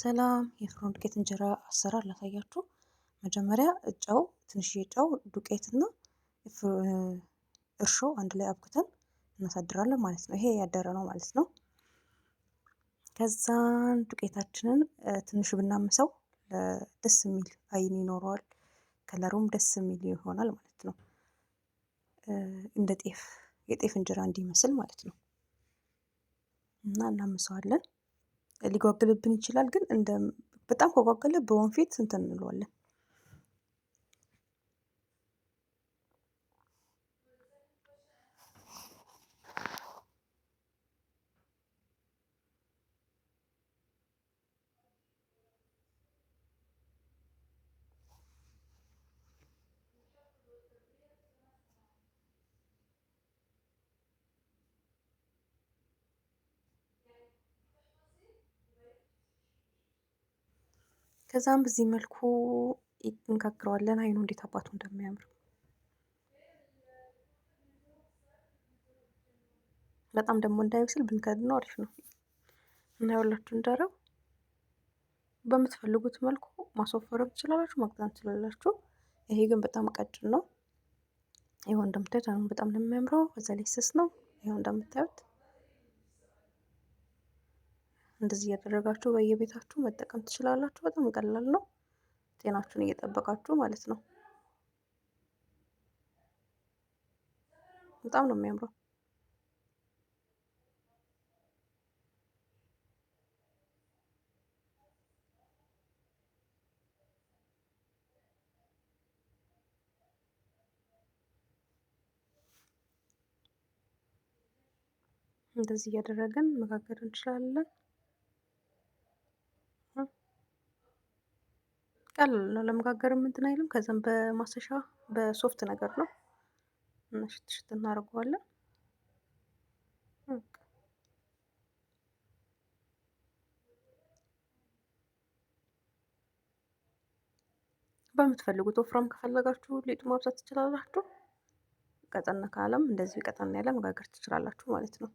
ሰላም የፍርኖ ዱቄት እንጀራ አሰራር ላሳያችሁ። መጀመሪያ ጨው፣ ትንሽ ጨው፣ ዱቄት እና እርሾ አንድ ላይ አብኩተን እናሳድራለን ማለት ነው። ይሄ ያደረ ነው ማለት ነው። ከዛን ዱቄታችንን ትንሽ ብናምሰው ደስ የሚል አይን ይኖረዋል። ከለሩም ደስ የሚል ይሆናል ማለት ነው። እንደ ጤፍ የጤፍ እንጀራ እንዲመስል ማለት ነው እና እናምሰዋለን ሊጓግልብን ይችላል። ግን እንደ በጣም ከጓገለ በወንፊት እንትን እንለዋለን ከዛም በዚህ መልኩ እንጋግረዋለን። አይኑ እንዴት አባቱ እንደሚያምር በጣም ደግሞ እንዳይበስል ብንከድነው አሪፍ ነው እና ያውላችሁ እንዳረው በምትፈልጉት መልኩ ማስወፈርም ትችላላችሁ፣ ማቅጠን ትችላላችሁ። ይሄ ግን በጣም ቀጭን ነው። ይኸው እንደምታዩት አሁን በጣም ነው የሚያምረው። በዛ ላይ ስስ ነው። ይኸው እንደምታዩት እንደዚህ እያደረጋችሁ በየቤታችሁ መጠቀም ትችላላችሁ። በጣም ቀላል ነው። ጤናችሁን እየጠበቃችሁ ማለት ነው። በጣም ነው የሚያምረው። እንደዚህ እያደረግን መጋገር እንችላለን። ቀላል ነው ለመጋገር እንትን አይልም። ከዚም በማሰሻ በሶፍት ነገር ነው እና ሽት ሽት እናደርገዋለን። በምትፈልጉት ወፍራም ከፈለጋችሁ ሊጡ ማብዛት ትችላላችሁ። ቀጠን ካለም እንደዚህ ቀጠን ያለ መጋገር ትችላላችሁ ማለት ነው።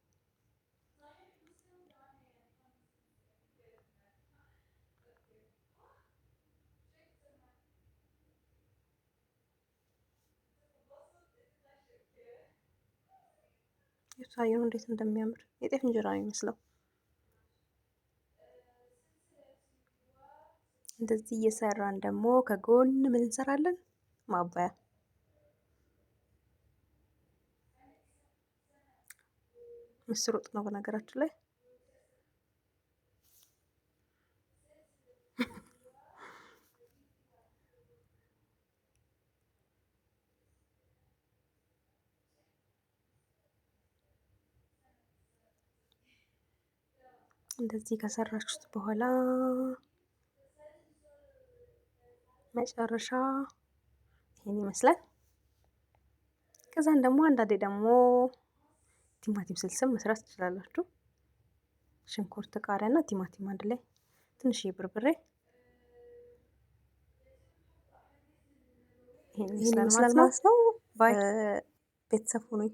ሳይኑ እንዴት እንደሚያምር የጤፍ እንጀራ ነው የሚመስለው። እንደዚህ እየሰራን ደግሞ ከጎን ምን እንሰራለን? ማባያ ምስር ወጥ ነው በነገራችን ላይ እንደዚህ ከሰራችሁት በኋላ መጨረሻ ይሄን ይመስላል። ከዛን ደግሞ አንዳንዴ ደግሞ ቲማቲም ስልስም መስራት ትችላላችሁ። ሽንኩርት፣ ቃሪያ እና ቲማቲም አንድ ላይ ትንሽ የብርብሬ ይመስላል ማለት ነው። ቤተሰብ ሆኖኝ